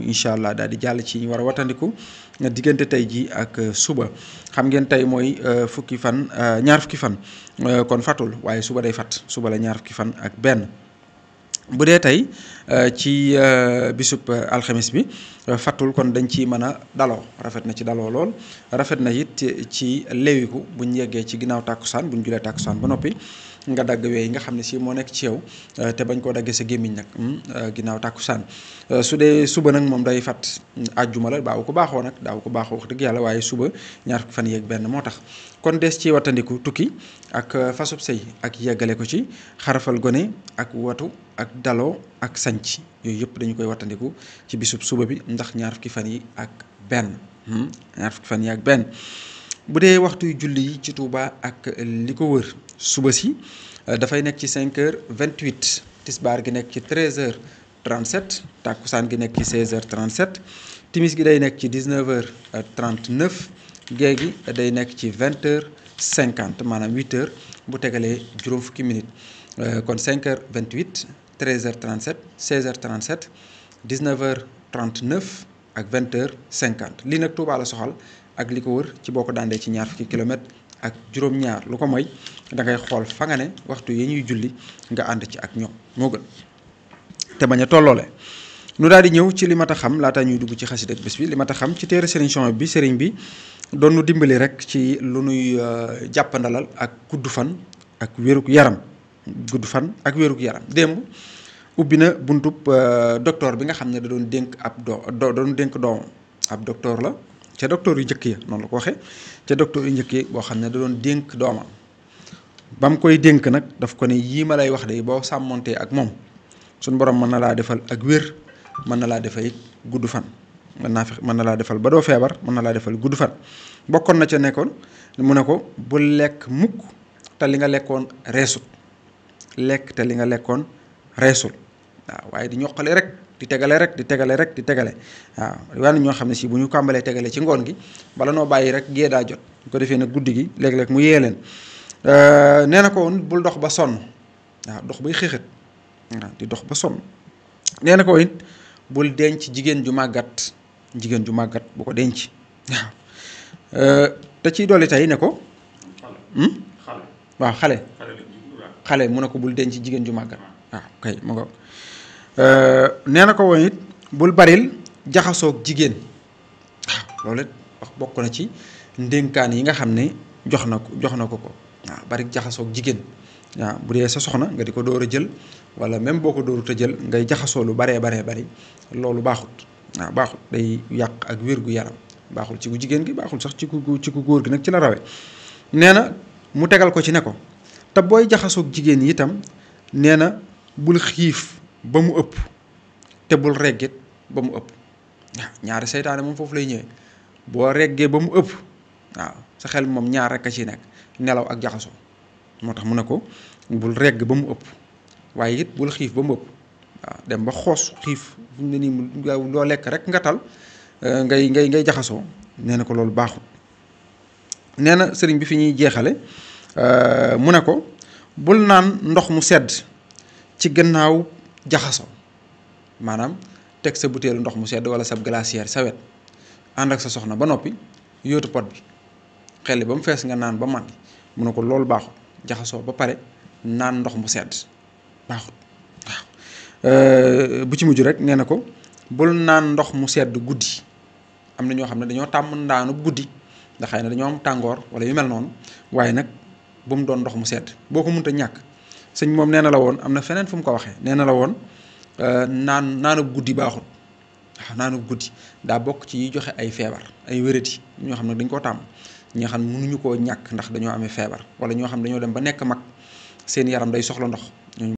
incha allah daal di jàll ci ñu war a nga diggante tey ji ak euh, suba xam ngeen tey mooy euh, fukki fan euh, ñaar fukki fan kon fatul waaye suba day fat suba la ñaar fukki fan ak benn bu dee tey ci bisub alxamis bi fattul kon dañ ci mën a daloo rafet na ci daloo lool rafet na it ci lewiku buñ yeggee ci ginnaaw tàkkusaan buñ julee tàkkusaan ba noppi nga dagg wee yi nga xam ne si moo nekk ci yow euh, te bañ koo daggee sa gémmiñ nag hmm, euh, ginnaaw tàkkusaan euh, su dee suba nag moom day fat hmm, àjjuma la baaw ko baaxoo nag daaw ko baaxoo wax dëgg yàlla waaye suba ñaar fan yeeg benn moo tax kon des ci wattandiku tukki ak fasub sëy ak yeggale ko ci xarafal gone ak watu ak daloo ak sanc yooyu yëpp dañu koy wattandiku ci bisub suba bi ndax ñaar fukki fan yi ak benn hmm, ñaar fukki fan yi ak benn bu dee waxtuy julli yi ci Touba ak li ko wër suba si euh, dafay nekk ci 5 vingt 28 tisbaar gi nekk ci 13 heures 37 tàkkusaan gi nekk ci 16 heures 37 timis gi day nekk ci 19 heures 39 euh, gée gi day nekk ci 20 heures 50 maanaam 8 heures bu tegalee juróom fukki minute euh, kon 5 heures 28 13 heures 37 16 heures 37 19 heures 39 ak 20 heures 50 lii nag Touba la soxal ak li ko wër ci boo ko daandee ci ñaar fukki kilomètre ak juróom-ñaar lu ko mooy dangay xool fa nga ne waxtu yi ñuy julli nga ànd ci ak ñoom moo gën te bañ a tolloole nu daal di ñëw ci li mat a xam laata ñuy dugg ci xasida bés bi li mat xam ci téere sëriñ Souhaïbou bi sëriñ bi doon nu dimbali rek ci lu nuy euh, jàppandalal ak gudd fan ak wéruk yaram gudd fan ak wéruk yaram démb ubbi na buntub euh, docteur bi nga xam ne da doon dénk ab do doon dénk doomam ab docteur la ca docteur yu njëkk ya noonu la ko waxee ca docteur yu njëkk ya boo xam ne da doon dénk doomam ba mu koy dénk nag daf ko ne yii ma lay wax de boo sàmmoontee ak moom suñ borom mën na laa defal ak wér mën na laa defal gudd fan mën naa fi mën na laa defal ba doo feebar mën na laa defal gudd fan bokkoon na ca nekkoon mu ne ko bu lekk mukk te li nga lekkoon reesut lekk te li nga lekkoon reesut waaw waaye di ñoqale rek di tegale rek di tegale rek di tegale waaw waaye ñoo xam ne sii bu ñu kàmbalee tegale ci ngoon gi bala noo bàyyi rek gée daa jot bu ko defee nag guddi gi léeg-léeg mu yee leen euh, nee na ko woon bul dox ba sonn waaw dox bay xëxët waaw di dox ba sonn nee na ko it bul denc jigéen ju màggat jigéen ju màggat bu ko denc waaw euh, te ciy dolli tey ne ko. Hmm? waaw xale. xale mu ne ko bul denc jigéen ju màggat waaw kay Euh, nee na ko woon it bul baril jaxasoog jigéen waaw ah, loolu it bokk na ci ndénkaan yi nga xam ne jox na ko jox na ko ko bari jaxasoog jigéen waaw bu dee sa soxna nga di ko dóor a jël wala même boo ko dooru a jël ngay jaxasoo lu baree baree bari loolu baaxut waaw baaxut day yàq ak wér-gu-yaram baaxul ci ku jigéen gi baaxul sax ci ku ci ku góor gi nag ci la rawe nee na mu tegal ko ci ne ko te booy jaxasoog jigéen yi itam nee na bul xiif ba mu ëpp te bul reggit ba mu ëpp waaw ñaari seytaane moom foofu lay ñëwee boo reggee ba mu ëpp waaw sa xel moom ñaar rek a ci nekk nelaw ak jaxasoo moo tax mu ne ko bul regg ba mu ëpp waaye it bul xiif ba mu ëpp dem ba xoos xiif fu mu loo lekk rek nga tal euh, ngay ngay ngay jaxasoo nee na ko loolu baaxul nee na sëriñ bi fi ñuy jeexale euh, mu ne ko bul naan ndox mu sedd ci gannaaw jaxasoo maanaam teg sa butéelu ndox mu sedd wala sa glacière sa wet ànd ak sa soxna ba noppi yootu pot bi xel ba mu fees nga naan ba man mu ne ko loolu baaxut jaxasoo ba pare naan ndox mu sedd baaxut euh, bu ci mujj rek nee na ko bul naan ndox mu sedd guddi am na ñoo xam ne dañoo tàmm ndaanu guddi ndax xëy na dañoo am tàngoor wala yu mel noonu waaye nag bu mu doon ndox mu sedd boo ko mun mënta ñàkk. sëñ moom nee na la woon am na feneen fu mu ko waxee nee na la woon euh, naan naanub guddi baaxul waaw naanub guddi daa bokk ci joxe ay feebar ay wérati ñoo xam ne dañ koo tàmm ñi nga xam mënuñu koo ñàkk ndax dañoo amee feebar wala ñoo xam dañoo dem ba nekk mag seen yaram day soxla ndox